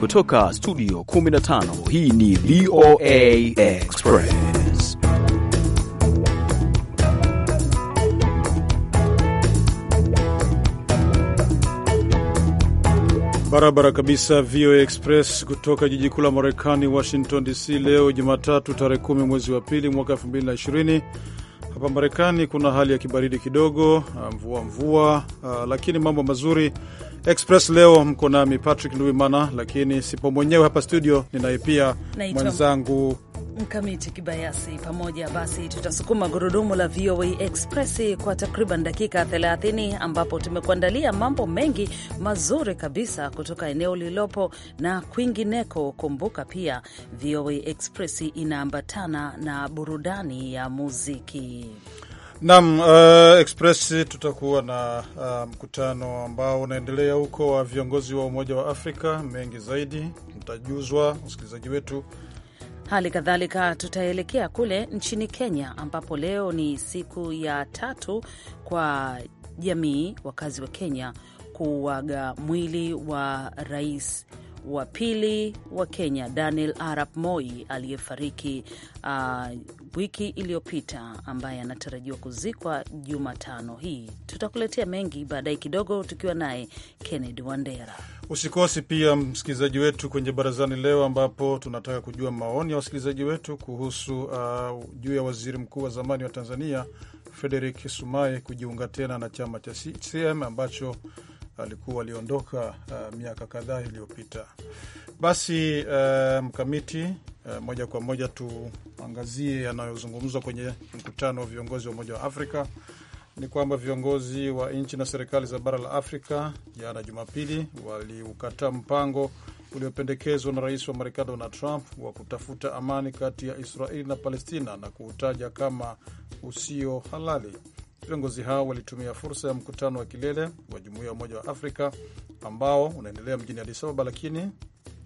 Kutoka studio 15 hii ni VOA Express. Barabara kabisa, VOA Express kutoka jiji kuu la Marekani, Washington DC. Leo Jumatatu tarehe 10 mwezi wa pili mwaka 2020 hapa Marekani kuna hali ya kibaridi kidogo, ah, mvua mvua, ah, lakini mambo mazuri. Express leo mko nami Patrick Nduwimana, lakini sipo mwenyewe hapa studio, ninaye pia mwenzangu mkamiti kibayasi pamoja. Basi tutasukuma gurudumu la VOA Express kwa takriban dakika 30 ambapo tumekuandalia mambo mengi mazuri kabisa kutoka eneo lililopo na kwingineko. Kumbuka pia VOA Express inaambatana na burudani ya muziki. Nam uh, Express tutakuwa na uh, mkutano ambao unaendelea huko wa viongozi wa Umoja wa Afrika. Mengi zaidi mtajuzwa, msikilizaji wetu Hali kadhalika tutaelekea kule nchini Kenya ambapo leo ni siku ya tatu kwa jamii, wakazi wa Kenya kuuaga mwili wa rais wa pili wa Kenya Daniel Arap Moi aliyefariki uh, wiki iliyopita ambaye anatarajiwa kuzikwa Jumatano hii. Tutakuletea mengi baadaye kidogo tukiwa naye Kennedy Wandera. usikosi pia msikilizaji wetu kwenye barazani leo, ambapo tunataka kujua maoni ya wasikilizaji wetu kuhusu uh, juu ya waziri mkuu wa zamani wa Tanzania Frederick Sumaye kujiunga tena na chama cha CCM ambacho alikuwa waliondoka uh, miaka kadhaa iliyopita. Basi uh, mkamiti uh, moja kwa moja tuangazie yanayozungumzwa kwenye mkutano wa viongozi wa Umoja wa Afrika ni kwamba viongozi wa nchi na serikali za bara la Afrika jana Jumapili waliukataa mpango uliopendekezwa na rais wa Marekani Donald Trump wa kutafuta amani kati ya Israeli na Palestina na kuutaja kama usio halali. Viongozi hao walitumia fursa ya mkutano wa kilele wa jumuiya ya Umoja wa Afrika ambao unaendelea mjini Addis Ababa, lakini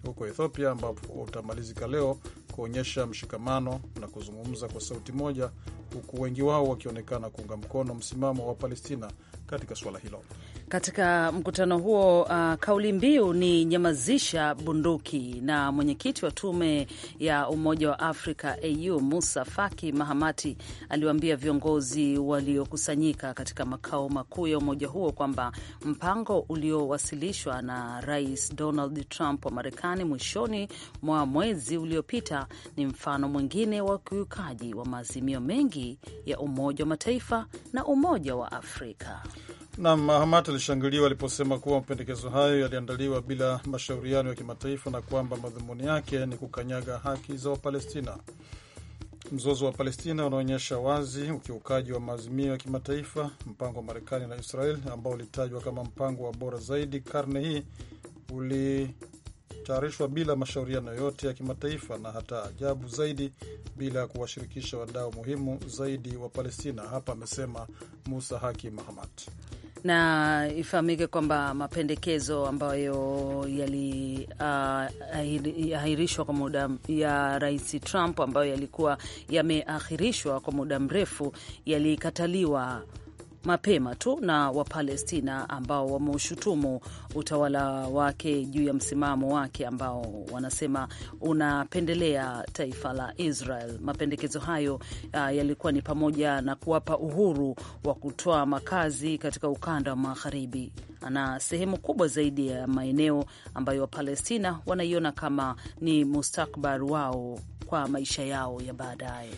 huko Ethiopia ambapo utamalizika leo, kuonyesha mshikamano na kuzungumza kwa sauti moja, huku wengi wao wakionekana kuunga mkono msimamo wa Palestina katika suala hilo. Katika mkutano huo uh, kauli mbiu ni nyamazisha bunduki, na mwenyekiti wa tume ya Umoja wa Afrika AU Musa Faki Mahamati aliwaambia viongozi waliokusanyika katika makao makuu ya umoja huo kwamba mpango uliowasilishwa na Rais Donald Trump wa Marekani mwishoni mwa mwezi uliopita ni mfano mwingine wa ukiukaji wa maazimio mengi ya Umoja wa Mataifa na Umoja wa Afrika. Nam Mahamat alishangiliwa aliposema kuwa mapendekezo hayo yaliandaliwa bila mashauriano ya kimataifa na kwamba madhumuni yake ni kukanyaga haki za Wapalestina. Mzozo wa Palestina unaonyesha wazi ukiukaji wa maazimio ya kimataifa, mpango wa Marekani na Israel ambao ulitajwa kama mpango wa bora zaidi karne hii ulitayarishwa bila mashauriano yote ya kimataifa, na hata ajabu zaidi, bila ya kuwashirikisha wadau muhimu zaidi wa Palestina. Hapa amesema Musa Haki Mahamat na ifahamike kwamba mapendekezo ambayo yaliahirishwa ah, uh, kwa muda ya Rais Trump ambayo yalikuwa yameahirishwa kwa muda mrefu yalikataliwa mapema tu na Wapalestina ambao wameushutumu utawala wake juu ya msimamo wake ambao wanasema unapendelea taifa la Israel. Mapendekezo hayo uh, yalikuwa ni pamoja na kuwapa uhuru wa kutoa makazi katika ukanda wa magharibi na sehemu kubwa zaidi ya maeneo ambayo Wapalestina wanaiona kama ni mustakbar wao kwa maisha yao ya baadaye.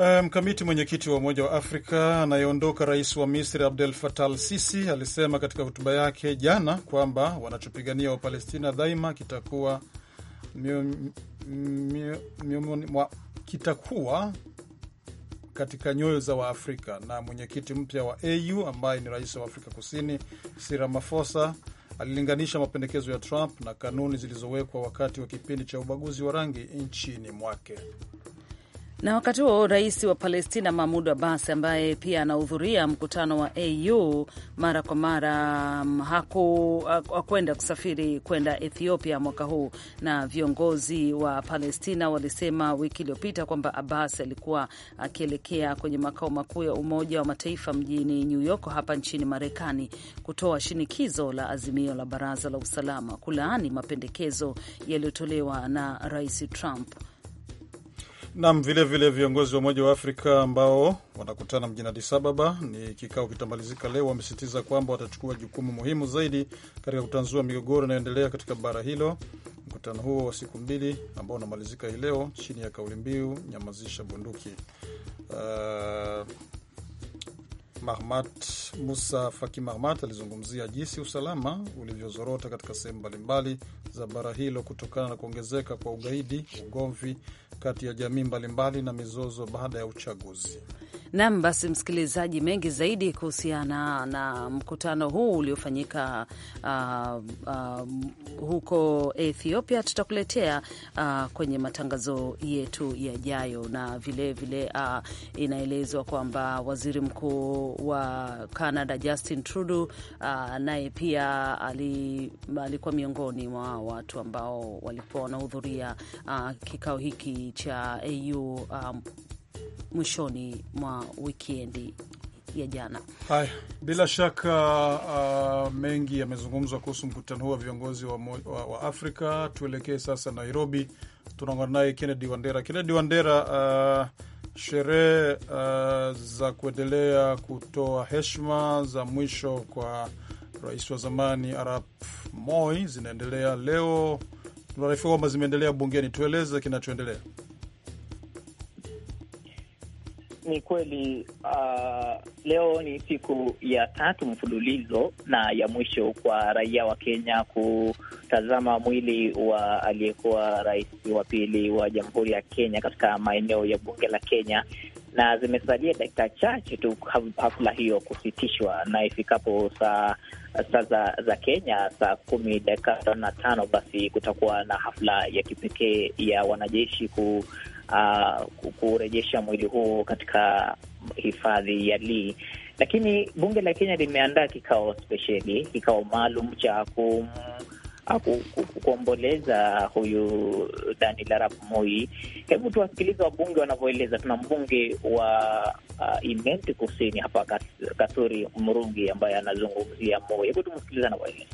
Eh, mkamiti um, mwenyekiti wa Umoja wa Afrika anayeondoka Rais wa Misri Abdel Fattah al-Sisi alisema katika hotuba yake jana kwamba wanachopigania Wapalestina daima kitakuwa kitakuwa katika nyoyo za Waafrika. Na mwenyekiti mpya wa AU ambaye ni rais wa Afrika Kusini Cyril Ramaphosa alilinganisha mapendekezo ya Trump na kanuni zilizowekwa wakati wa kipindi cha ubaguzi wa rangi nchini mwake. Na wakati huo rais wa Palestina Mahmud Abbas, ambaye pia anahudhuria mkutano wa AU mara kwa mara, mm, hakwenda kusafiri kwenda Ethiopia mwaka huu, na viongozi wa Palestina walisema wiki iliyopita kwamba Abbas alikuwa akielekea kwenye makao makuu ya Umoja wa Mataifa mjini New York hapa nchini Marekani kutoa shinikizo la azimio la Baraza la Usalama kulaani mapendekezo yaliyotolewa na Rais Trump Nam vilevile viongozi wa Umoja wa Afrika ambao wanakutana mjini Addis Ababa ni kikao kitamalizika leo, wamesisitiza kwamba watachukua jukumu muhimu zaidi katika kutanzua migogoro inayoendelea katika bara hilo. Mkutano huo wa siku mbili ambao unamalizika hii leo chini ya kauli mbiu nyamazisha bunduki. Uh, Mahmat Musa Faki Mahmat alizungumzia jinsi usalama ulivyozorota katika sehemu mbalimbali za bara hilo kutokana na kuongezeka kwa ugaidi, ugomvi kati ya jamii mbalimbali na mizozo baada ya uchaguzi. Nam, basi msikilizaji, mengi zaidi kuhusiana na mkutano huu uliofanyika uh, uh, huko Ethiopia tutakuletea uh, kwenye matangazo yetu yajayo, na vilevile vile, uh, inaelezwa kwamba waziri mkuu wa Canada Justin Trudeau uh, naye pia alikuwa miongoni mwa watu ambao walikuwa wanahudhuria uh, kikao hiki cha AU um, mwishoni mwa wikendi ya jana. Haya, bila shaka uh, mengi yamezungumzwa kuhusu mkutano huu wa viongozi wa, wa, wa Afrika. Tuelekee sasa Nairobi, tunaungana naye Kennedy Wandera. Kennedy Wandera, uh, sherehe uh, za kuendelea kutoa heshima za mwisho kwa rais wa zamani Arap Moi zinaendelea leo, tunaarifiwa kwamba zimeendelea bungeni. Tueleze kinachoendelea ni kweli uh, leo ni siku ya tatu mfululizo na ya mwisho kwa raia wa Kenya kutazama mwili wa aliyekuwa rais wa pili wa Jamhuri ya Kenya katika maeneo ya bunge la Kenya, na zimesalia dakika chache tu hafla hiyo kusitishwa, na ifikapo saa saa za, za Kenya saa kumi dakika tano na tano basi kutakuwa na hafla ya kipekee ya wanajeshi ku uh, kurejesha mwili huo katika hifadhi ya Lee. Lakini bunge la Kenya limeandaa kikao spesheli, kikao maalum cha kum uh, kuomboleza huyu Daniel Arap Moi. Hebu tuwasikilize wabunge wanavyoeleza. Tuna mbunge wa uh, Imenti Kusini hapa Kasuri mrungi ambaye anazungumzia Moi. Hebu tumsikilize anavyoeleza.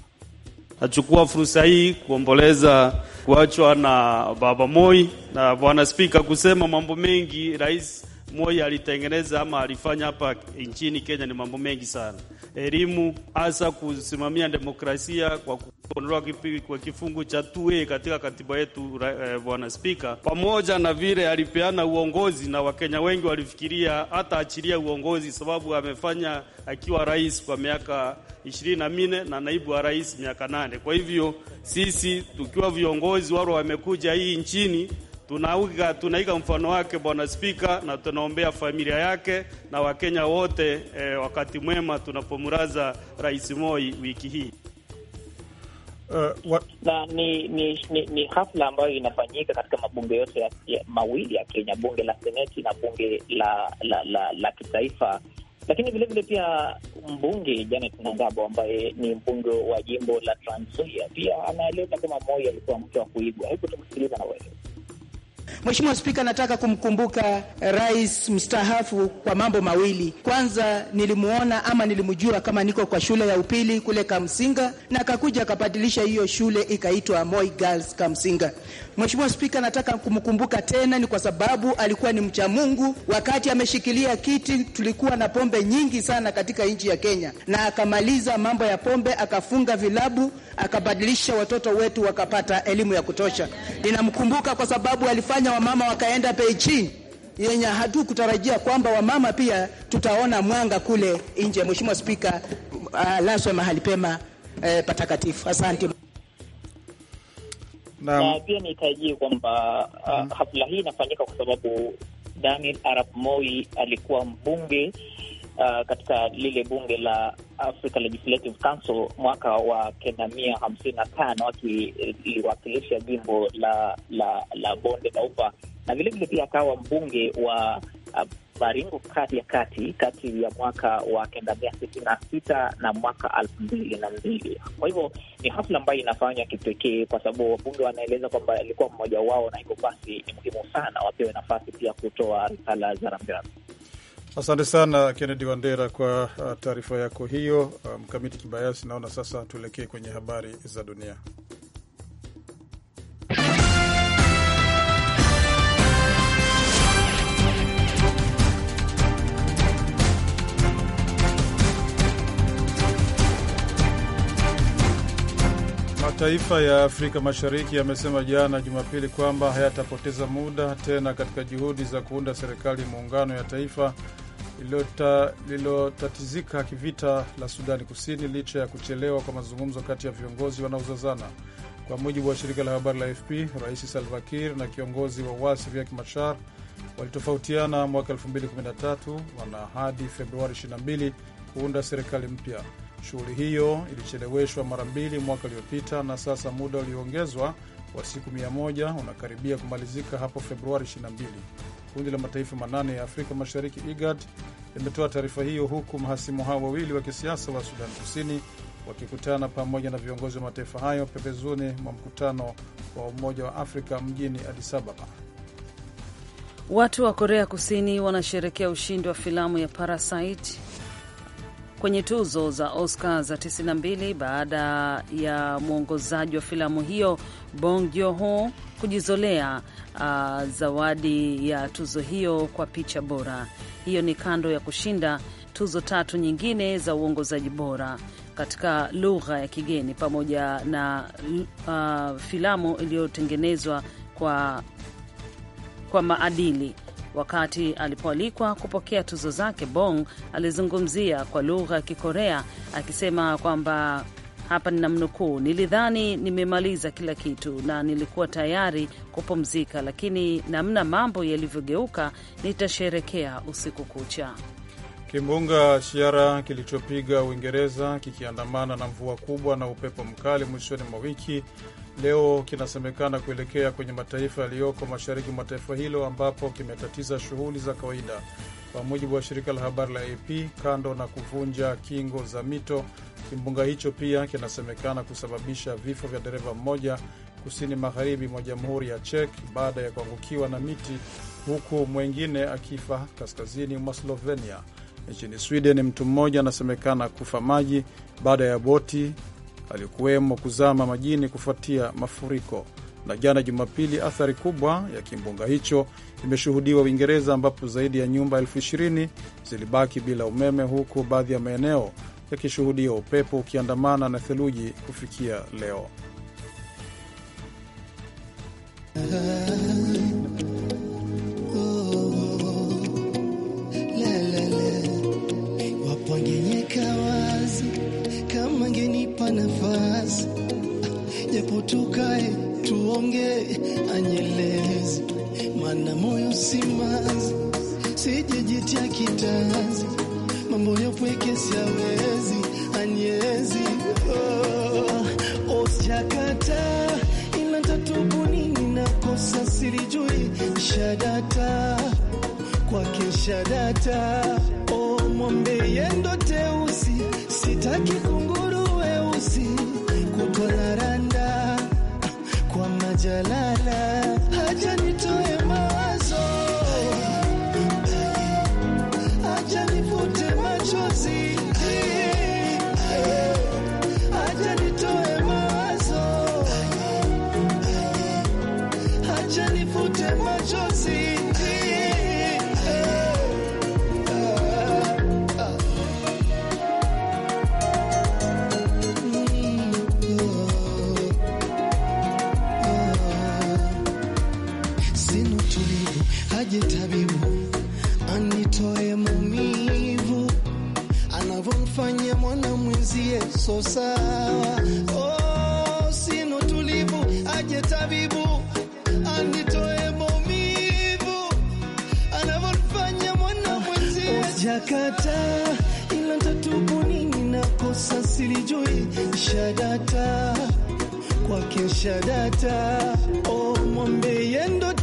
Nachukua fursa hii kuomboleza kuachwa na Baba Moi na Bwana Spika kusema mambo mengi Rais Moi alitengeneza ama alifanya hapa nchini Kenya ni mambo mengi sana, elimu, hasa kusimamia demokrasia kwa kuondolewa kwa kifungu cha 2A katika katiba yetu eh, Bwana Spika, pamoja na vile alipeana uongozi na Wakenya wengi walifikiria hata achilia uongozi, sababu amefanya akiwa rais kwa miaka ishirini na nne na naibu wa rais miaka nane. Kwa hivyo sisi tukiwa viongozi wale wamekuja hii nchini tunaiga tunaiga mfano wake Bwana Spika, na tunaombea familia yake na Wakenya wote e, wakati mwema tunapomuraza Rais Moi wiki hii. Uh, na ni ni, ni, ni hafla ambayo inafanyika katika mabunge yote ya, ya mawili ya Kenya, bunge la seneti na bunge la la, la, la kitaifa. Lakini vilevile pia mbunge Janet Nangabo ambaye ni mbunge wa jimbo la Trans Nzoia pia anaeleza kama Moi alikuwa mtu wa kuigwa. Hebu tumsikiliza na wewe. Mheshimiwa Spika, nataka kumkumbuka eh, rais mstaafu kwa mambo mawili. Kwanza, nilimuona ama nilimjua kama niko kwa shule ya upili kule Kamsinga, na akakuja akabadilisha hiyo shule ikaitwa Moi Girls Kamsinga. Mheshimiwa Spika, nataka kumkumbuka tena ni kwa sababu alikuwa ni mcha Mungu. Wakati ameshikilia kiti, tulikuwa na pombe nyingi sana katika nchi ya Kenya, na akamaliza mambo ya pombe, akafunga vilabu, akabadilisha watoto wetu wakapata elimu ya kutosha. Ninamkumbuka kwa sababu alifanya kufanya wamama wakaenda Beijing yenye hatu kutarajia kwamba wamama pia tutaona mwanga kule nje. Mheshimiwa Spika, alaswe uh, mahali pema uh, patakatifu. Asante na pia nitajie kwamba uh, mm-hmm. hafla hii inafanyika kwa sababu Daniel Arap Moi alikuwa mbunge uh, katika lile bunge la Africa Legislative Council mwaka wa kenda mia hamsini na tano akiliwakilisha eh, jimbo la, la, la bonde la Ufa na vilevile pia akawa mbunge wa ah, Baringo kati ya kati kati ya mwaka wa kenda mia sitini na sita na mwaka elfu mbili na mbili. Kwa hivyo ni hafla ambayo inafanywa kipekee kwa sababu wabunge wanaeleza kwamba alikuwa mmoja wao, na hivyo basi ni muhimu sana wapewe nafasi pia kutoa risala za rambirambi. Asante sana Kennedy Wandera kwa uh, taarifa yako hiyo. Uh, Mkamiti um, Kibayasi, naona sasa tuelekee kwenye habari za dunia. Mataifa ya Afrika Mashariki yamesema jana Jumapili kwamba hayatapoteza muda tena katika juhudi za kuunda serikali muungano ya taifa lililotatizika kivita la Sudani Kusini licha ya kuchelewa kwa mazungumzo kati ya viongozi wanaozozana. Kwa mujibu wa shirika la habari la AFP, Rais Salva Kiir na kiongozi wa wasi Riek Machar walitofautiana mwaka 2013 wana hadi Februari 22 kuunda serikali mpya. Shughuli hiyo ilicheleweshwa mara mbili mwaka uliopita, na sasa muda ulioongezwa wa siku 100 unakaribia kumalizika hapo Februari 22. Kundi la mataifa manane ya Afrika Mashariki, IGAD, limetoa taarifa hiyo huku mahasimu hao wawili wa kisiasa wa Sudan Kusini wakikutana pamoja na viongozi wa mataifa hayo pembezoni mwa mkutano wa Umoja wa Afrika mjini Addis Ababa. Watu wa Korea Kusini wanasherekea ushindi wa filamu ya Parasite kwenye tuzo za Oscar za 92 baada ya mwongozaji wa filamu hiyo Bong Joon-ho kujizolea uh, zawadi ya tuzo hiyo kwa picha bora. Hiyo ni kando ya kushinda tuzo tatu nyingine za uongozaji bora katika lugha ya kigeni pamoja na uh, filamu iliyotengenezwa kwa, kwa maadili Wakati alipoalikwa kupokea tuzo zake, Bong alizungumzia kwa lugha ya Kikorea akisema kwamba hapa mnukuu nilidhani nimemaliza kila kitu na nilikuwa tayari kupumzika, lakini namna mambo yalivyogeuka, nitasherekea usiku kucha. Kimbunga Shiara kilichopiga Uingereza kikiandamana na mvua kubwa na upepo mkali mwishoni mwa wiki leo kinasemekana kuelekea kwenye mataifa yaliyoko mashariki mwa taifa hilo ambapo kimetatiza shughuli za kawaida, kwa mujibu wa shirika la habari la AP. Kando na kuvunja kingo za mito, kimbunga hicho pia kinasemekana kusababisha vifo vya dereva mmoja kusini magharibi mwa Jamhuri ya Czech baada ya kuangukiwa na miti, huku mwengine akifa kaskazini mwa Slovenia. Nchini Sweden, mtu mmoja anasemekana kufa maji baada ya boti alikuwemo kuzama majini kufuatia mafuriko. Na jana Jumapili, athari kubwa ya kimbunga hicho imeshuhudiwa Uingereza, ambapo zaidi ya nyumba elfu ishirini zilibaki bila umeme, huku baadhi ya maeneo yakishuhudia upepo ukiandamana na theluji kufikia leo. Oh, nipa nafasi japo tukae tuongee, anyelezi mana moyo simazi, sijejitia kitazi, mambo yo pweke siawezi, anyezi oh, osjakata na kosa sirijui shadata kwake shadata oh, yendo teusi sitaki جلالا aje tabibu anitoe maumivu anavyomfanya mwana mwenzie so sawa. Oh, sina tulivu, aje tabibu anitoe maumivu anavyomfanya mwana mwenzie jakata ila tatubu nini nakosa silijui shadata kwake shadata oh, mwambe yendo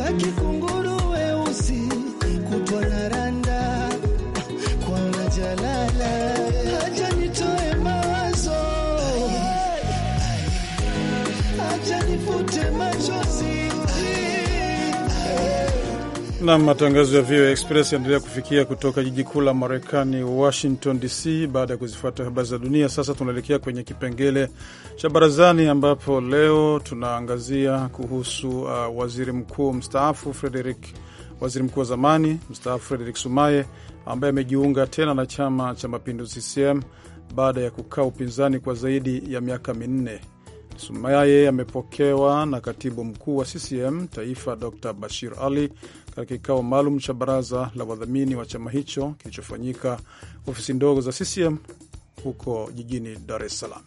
Sitaki kum na matangazo ya VOA Express yaendelea kufikia kutoka jiji kuu la Marekani, Washington DC. Baada ya kuzifuata habari za dunia, sasa tunaelekea kwenye kipengele cha barazani, ambapo leo tunaangazia kuhusu uh, waziri mkuu mstaafu Frederick, waziri mkuu wa zamani mstaafu Frederick Sumaye ambaye amejiunga tena na chama cha mapinduzi CCM baada ya kukaa upinzani kwa zaidi ya miaka minne. Sumaye amepokewa na katibu mkuu wa CCM taifa Dr Bashir Ali katika kikao maalum cha baraza la wadhamini wa chama hicho kilichofanyika ofisi ndogo za CCM huko jijini Dar es Salaam.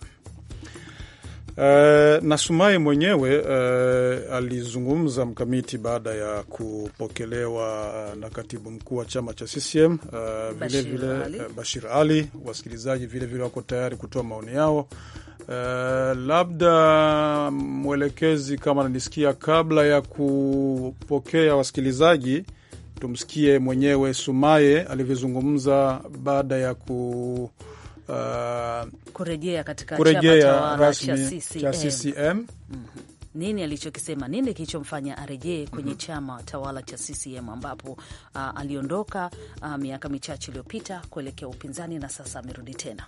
Uh, eh, na mwenyewe uh, alizungumza mkamiti baada ya kupokelewa eh, na katibu mkuu wa chama cha CCM uh, Bashir, vile Ali. Uh, Bashir Ali. Wasikilizaji vilevile wako tayari kutoa maoni yao Eh, labda mwelekezi kama ananisikia, kabla ya kupokea wasikilizaji, tumsikie mwenyewe Sumaye alivyozungumza baada ya ku uh, kurejea katika kurejea rasmi cha CCM. Mhm. Nini alichokisema? Nini kilichomfanya arejee kwenye mm -hmm. chama tawala cha CCM ambapo uh, aliondoka uh, miaka michache iliyopita kuelekea upinzani na sasa amerudi tena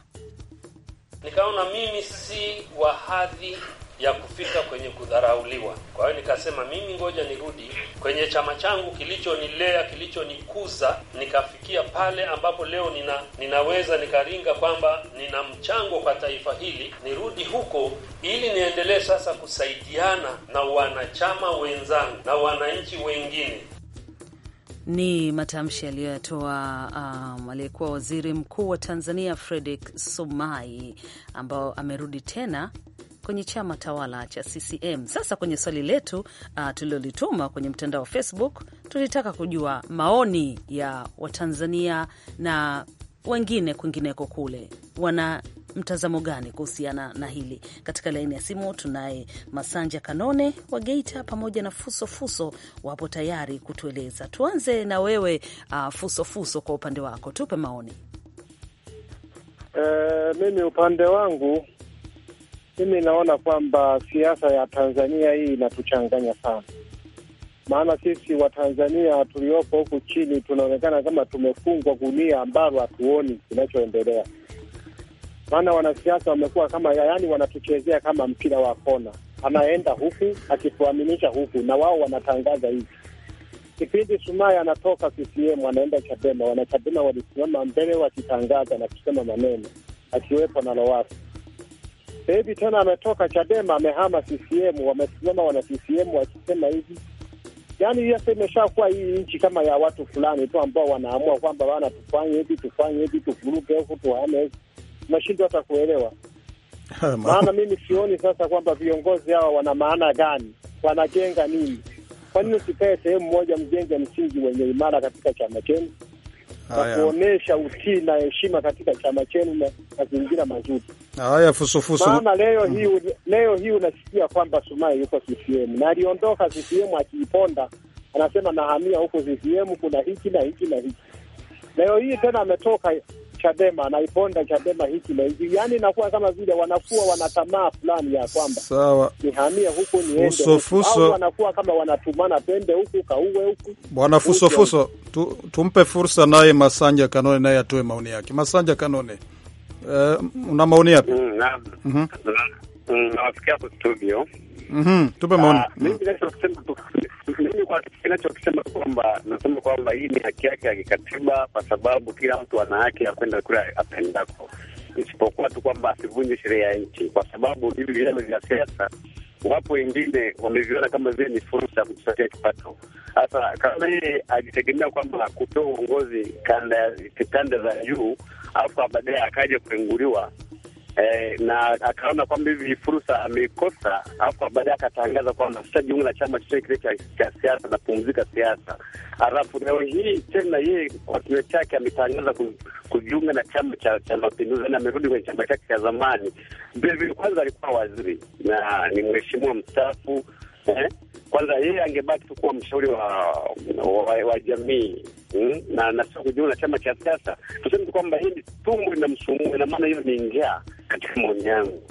nikaona mimi si wa hadhi ya kufika kwenye kudharauliwa. Kwa hiyo nikasema mimi ngoja nirudi kwenye chama changu kilichonilea, kilichonikuza, nikafikia pale ambapo leo nina, ninaweza nikaringa kwamba nina mchango kwa taifa hili, nirudi huko ili niendelee sasa kusaidiana na wanachama wenzangu na wananchi wengine ni matamshi aliyoyatoa um, aliyekuwa waziri mkuu wa Tanzania Fredrick sumai ambao amerudi tena kwenye chama tawala cha CCM. Sasa kwenye swali letu uh, tulilolituma kwenye mtandao wa Facebook, tulitaka kujua maoni ya Watanzania na wengine kwingineko kule wana mtazamo gani kuhusiana na hili? Katika laini ya simu tunaye Masanja Kanone wa Geita pamoja na Fuso Fuso, wapo tayari kutueleza. Tuanze na wewe uh, Fuso Fuso, kwa upande wako tupe maoni. Uh, mimi upande wangu mimi naona kwamba siasa ya Tanzania hii inatuchanganya sana, maana sisi Watanzania tuliopo huku chini tunaonekana kama tumefungwa gunia ambalo hatuoni kinachoendelea maana wanasiasa wamekuwa kama yaani, wanatuchezea kama mpira wa kona, anaenda huku akituaminisha huku, na wao wanatangaza hivi. Kipindi Sumaya anatoka CCM anaenda Chadema, wanaChadema walisimama mbele wakitangaza na kusema maneno, akiwepo na Lowassa. Sasa hivi tena ametoka Chadema amehama CCM, wamesimama wana CCM wakisema hivi Yaani sasa imeshakuwa hii nchi kama ya watu fulani tu ambao wanaamua kwamba bana, tufanye hivi tufanye hivi, tuvuruge huku tuhame huku nashindwa hata kuelewa maana mimi sioni sasa kwamba viongozi hawa wana maana gani, wanajenga nini? Kwa nini usikae sehemu moja, mjenge msingi wenye imara katika chama chenu na kuonesha utii na heshima katika chama chenu na mazingira mazuri haya fusufusu. Maana leo mm. hii mm, leo hii unasikia kwamba Sumaye yuko CCM na aliondoka CCM akiiponda, anasema nahamia huko CCM, kuna hiki na hiki na hiki. Leo hii tena ametoka Chadema anaiponda Chadema hiki na hivi, yani inakuwa kama vile wanakuwa wanatamaa fulani ya kwamba sawa, nihamie huku niende fuso, fuso. Au wanakuwa kama wanatumana pende huku kauwe huku. Bwana fuso fuso, tu, tumpe fursa naye Masanja Kanone naye atoe maoni yake. Masanja Kanone, uh, una maoni yapi? mm, mm na, mhm. Nawafikia kwa studio, mm tupe maoni. Ah, mimi mm. naweza kusema mimi kwa kinachokisema kwamba nasema kwamba hii ni haki yake ya kikatiba, kwa sababu kila mtu ana haki ya kwenda kura apendako, isipokuwa tu kwamba asivunje sheria ya nchi, kwa sababu hivi vyama vya siasa wapo wengine wameviona kama vile ni fursa ya kujipatia kipato. Sasa kama yeye ajitegemea kwamba kutoa uongozi kanda kitanda za juu, alafu baadaye akaja kuenguliwa eh, na akaona kwamba hivi fursa ameikosa, alafu baadaye akatangaza kwamba sitajiunga na chama chochote kile cha siasa, napumzika siasa. Alafu leo hii tena yeye kwa kinywa chake ametangaza kujiunga na chama cha cha Mapinduzi, na yaani amerudi kwenye chama chake cha zamani. Vilevile kwanza alikuwa waziri na ni mheshimiwa mstaafu Eh, kwanza yeye angebaki tu kuwa mshauri wa, wa, wa jamii hmm? na na sio kujiunga na chama cha siasa. Tuseme kwamba hii tumbo inamsumbua, ina maana hiyo ni njaa katika maoni yangu.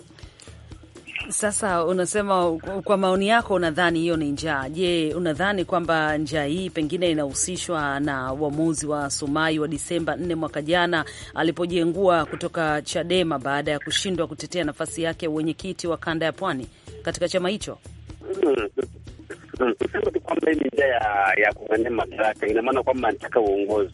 Sasa unasema kwa maoni yako, unadhani hiyo ni njaa. Je, unadhani kwamba njaa hii pengine inahusishwa na uamuzi wa Sumai wa Disemba nne mwaka jana alipojengua kutoka Chadema baada ya kushindwa kutetea nafasi yake ya uwenyekiti wa kanda ya Pwani katika chama hicho? Hmm, Sema tu kwamba hii ni njia ya, ya kugania madaraka, ina maana kwamba anataka uongozi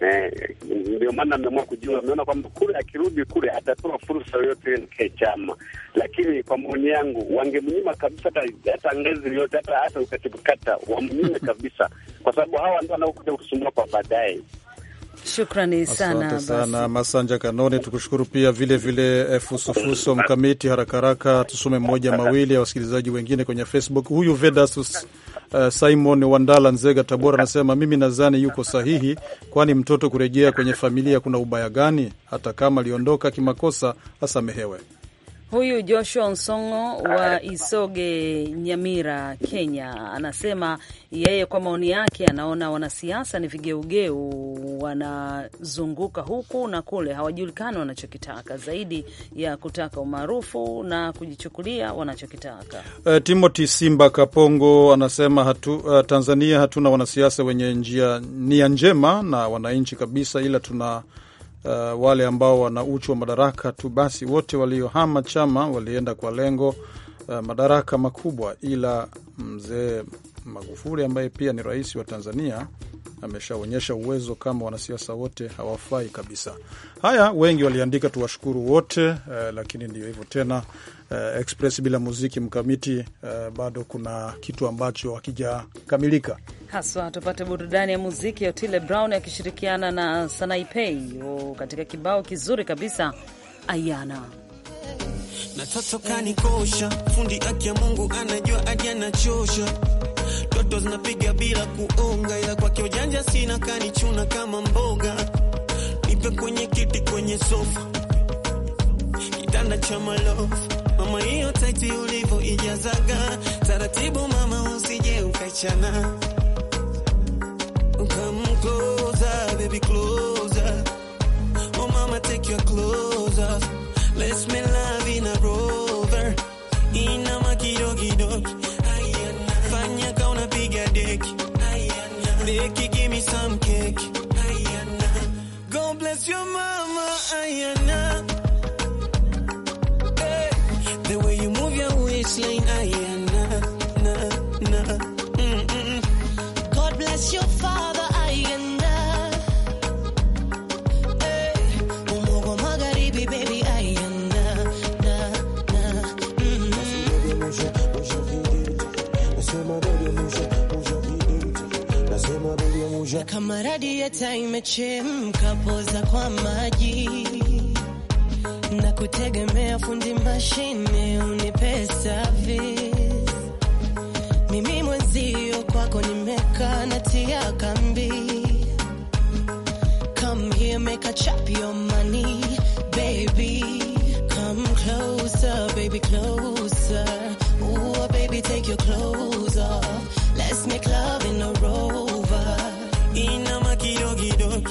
eh, ndio maana ameamua kujiunga. Ameona kwamba kule akirudi kule atapewa fursa yoyote nikae chama, lakini kwa maoni yangu wangemnyima kabisa hata ngazi yoyote, hata hata ukatibu kata wamnyime kabisa, kwa sababu hawa ndio wanaokuja kusumbua kwa baadaye. Shukrani sana, sana Masanja Kanoni. Tukushukuru pia vilevile Fusofuso eh, Mkamiti. Haraka haraka tusome moja mawili ya wasikilizaji wengine kwenye Facebook. Huyu Vedasus uh, Simon Wandala, Nzega, Tabora, anasema mimi nadhani yuko sahihi, kwani mtoto kurejea kwenye familia kuna ubaya gani? Hata kama aliondoka kimakosa asamehewe. Huyu Joshua Nsongo wa Isoge, Nyamira, Kenya, anasema yeye kwa maoni yake anaona wanasiasa ni vigeugeu, wanazunguka huku na kule, hawajulikani wanachokitaka zaidi ya kutaka umaarufu na kujichukulia wanachokitaka. Uh, Timothy Simba Kapongo anasema hatu, uh, Tanzania hatuna wanasiasa wenye njia nia njema na wananchi kabisa, ila tuna uh, wale ambao wana uchu wa madaraka tu basi, wote waliohama chama walienda kwa lengo uh, madaraka makubwa, ila mzee Magufuli ambaye pia ni rais wa Tanzania ameshaonyesha uwezo kama wanasiasa wote hawafai kabisa. Haya, wengi waliandika tuwashukuru wote eh, lakini ndio hivyo tena uh, Express bila muziki mkamiti, uh, bado kuna kitu ambacho hakijakamilika haswa. Tupate burudani ya muziki ya Otile Brown akishirikiana na Sanaipei katika kibao kizuri kabisa Ayana natoto kanikosha fundi aki ya Mungu anajua aja anachosha toto zinapiga bila kuonga, ila kwake ujanja sina kanichuna kama mboga nipe kwenye kiti kwenye sofa kitanda cha malofu mama hiyo taiti ijazaga taratibu, mama usije ukachana, come closer Baby closer, oh mama take your clothes off, let's make love in a rover, ina inama kidokidoki, fanya kauna piga deki deki, give me some cake, God bless your mama ayana waistline. Ah, yeah, nah, nah, nah. Mm Kama radi yata imechemka, poza kwa maji kutegemea fundi mashine unipesavi mimi mwenzio kwako nimekaa na tia kambi. Come here, make a chop your money, baby. Come closer, baby, closer. Ooh, baby, take your clothes off. Let's make love in a rover. Ina kidogo kidogo.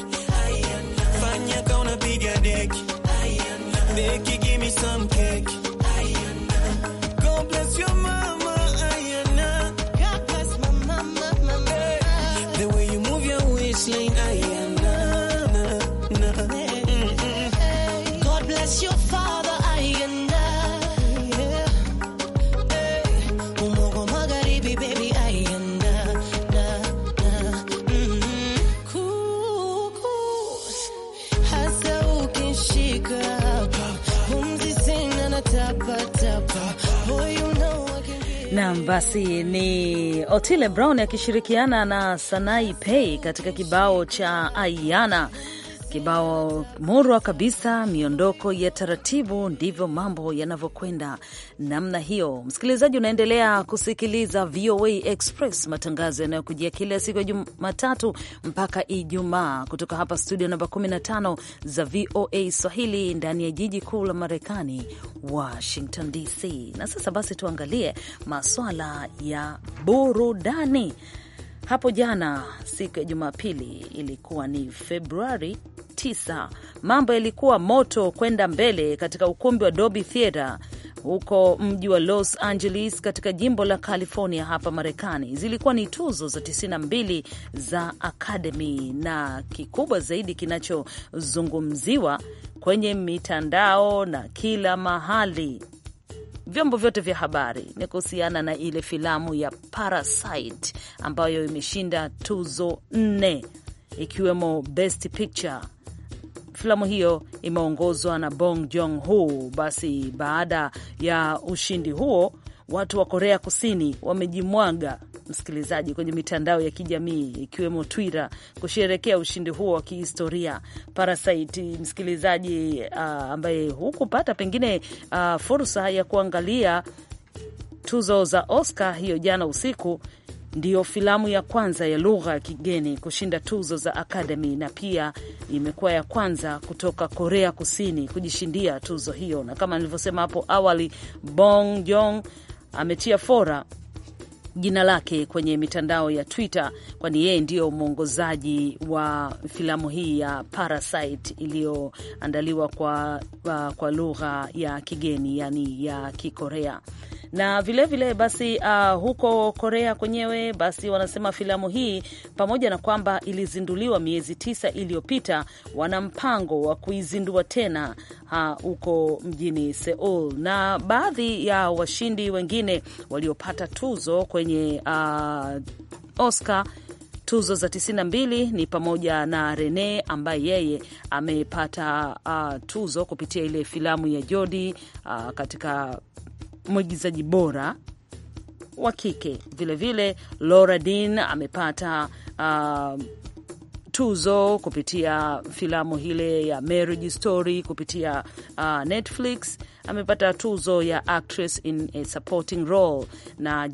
Fanya kauna piga deki make it Basi ni Otile Brown akishirikiana na Sanai Pei katika kibao cha Aiana Kibao murwa kabisa, miondoko ya taratibu. Ndivyo mambo yanavyokwenda namna hiyo. Msikilizaji, unaendelea kusikiliza VOA Express, matangazo yanayokujia kila siku ya Jumatatu mpaka Ijumaa kutoka hapa studio namba 15 za VOA Swahili ndani ya jiji kuu la Marekani, Washington DC. Na sasa basi tuangalie maswala ya burudani hapo jana siku ya Jumapili ilikuwa ni Februari 9. Mambo yalikuwa moto kwenda mbele katika ukumbi wa Dolby Theatre huko mji wa Los Angeles katika jimbo la California hapa Marekani. Zilikuwa ni tuzo za 92 za Academy, na kikubwa zaidi kinachozungumziwa kwenye mitandao na kila mahali vyombo vyote vya habari ni kuhusiana na ile filamu ya Parasite ambayo imeshinda tuzo nne ikiwemo Best Picture. Filamu hiyo imeongozwa na Bong jong ho Basi baada ya ushindi huo, watu wa Korea Kusini wamejimwaga msikilizaji, kwenye mitandao ya kijamii ikiwemo Twitter kusherekea ushindi huo wa kihistoria. Parasite msikilizaji, uh, ambaye hukupata pengine uh, fursa ya kuangalia tuzo za Oscar hiyo jana usiku ndiyo filamu ya kwanza ya lugha ya kigeni kushinda tuzo za Academy na pia imekuwa ya kwanza kutoka Korea Kusini kujishindia tuzo hiyo. Na kama nilivyosema hapo awali, Bong Joon ametia fora jina lake kwenye mitandao ya Twitter, kwani yeye ndiyo mwongozaji wa filamu hii ya Parasite iliyoandaliwa kwa, uh, kwa lugha ya kigeni yani ya Kikorea na vilevile vile basi, uh, huko Korea kwenyewe basi wanasema filamu hii pamoja na kwamba ilizinduliwa miezi tisa iliyopita, wana mpango wa kuizindua tena ah, huko uh, mjini Seoul. Na baadhi ya washindi wengine waliopata tuzo kwenye uh, Oscar tuzo za 92 ni pamoja na Rene ambaye yeye amepata uh, tuzo kupitia ile filamu ya Jodi uh, katika mwigizaji bora wa kike. Vilevile Laura Dern amepata uh, tuzo kupitia filamu hile ya Marriage Story kupitia uh, Netflix. Amepata tuzo ya Actress in a Supporting Role, na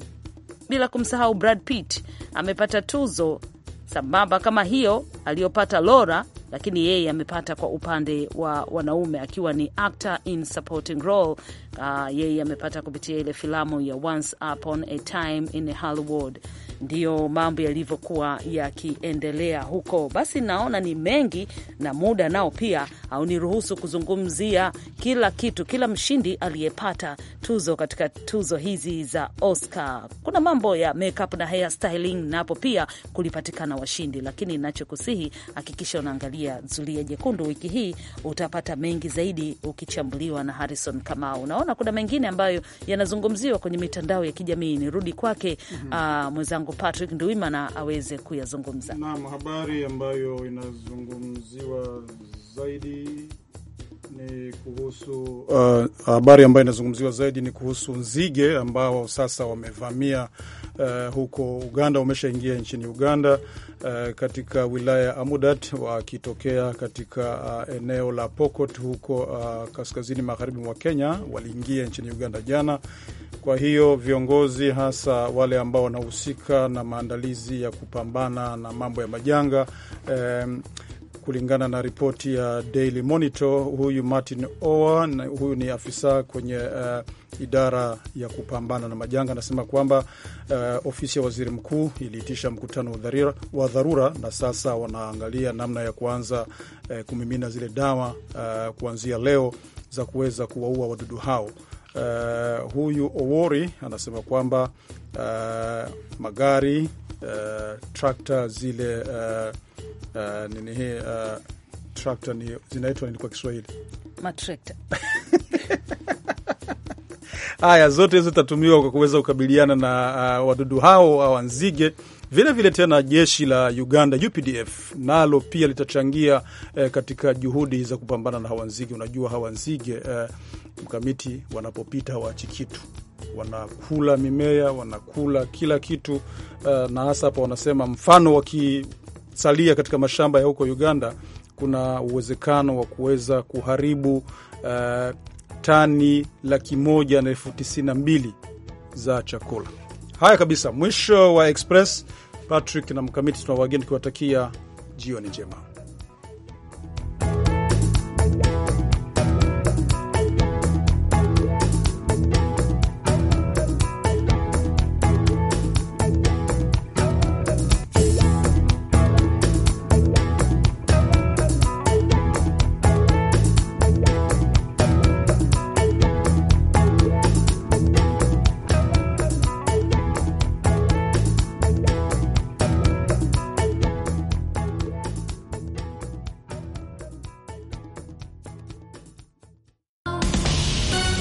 bila kumsahau Brad Pitt amepata tuzo sambamba kama hiyo aliyopata Laura, lakini yeye amepata kwa upande wa wanaume akiwa ni actor in supporting role, uh, yeye amepata kupitia ile filamu ya Once Upon a Time in Hollywood. Ndiyo mambo yalivyokuwa yakiendelea huko. Basi naona ni mengi na muda nao pia hauniruhusu kuzungumzia kila kitu, kila mshindi aliyepata tuzo katika tuzo hizi za Oscar. Kuna mambo ya makeup na hair styling, napo pia kulipatikana washindi, lakini nachokusihi hakikisha unaangalia Zulia Jekundu wiki hii, utapata mengi zaidi ukichambuliwa na Harrison Kamau naona kuna mengine ambayo yanazungumziwa kwenye mitandao ya kijamii. Nirudi kwake mm -hmm. uh, mwenzangu Patrick Nduimana aweze kuyazungumza. Naam, habari ambayo inazungumziwa zaidi ni kuhusu uh, habari uh, ambayo inazungumziwa zaidi ni kuhusu nzige ambao sasa wamevamia uh, huko Uganda, wameshaingia nchini Uganda uh, katika wilaya ya Amudat wakitokea katika uh, eneo la Pokot huko uh, kaskazini magharibi mwa Kenya, waliingia nchini Uganda jana. Kwa hiyo viongozi hasa wale ambao wanahusika na maandalizi ya kupambana na mambo ya majanga um, kulingana na ripoti ya Daily Monitor. Huyu Martin Owen, huyu ni afisa kwenye uh, idara ya kupambana na majanga, anasema kwamba uh, ofisi ya waziri mkuu iliitisha mkutano wa dharura, na sasa wanaangalia namna ya kuanza uh, kumimina zile dawa uh, kuanzia leo za kuweza kuwaua wadudu hao. Uh, huyu Owori anasema kwamba uh, magari uh, eh, trakta zile uh, uh, nini hii uh, trakta ni, zinaitwa nini kwa Kiswahili? Matrekta. Haya, zote hizo zitatumiwa kwa kuweza kukabiliana na uh, wadudu hao au nzige. Vilevile tena jeshi la Uganda UPDF nalo pia litachangia eh, katika juhudi za kupambana na hawa nzige. Unajua hawa nzige eh, mkamiti wanapopita hawaachi kitu wanakula mimea, wanakula kila kitu uh, na hasa hapa wanasema mfano wakisalia katika mashamba ya huko Uganda kuna uwezekano wa kuweza kuharibu uh, tani laki moja na elfu tisini na mbili za chakula. Haya kabisa, mwisho wa Express. Patrick na Mkamiti tunawageni tukiwatakia jioni njema.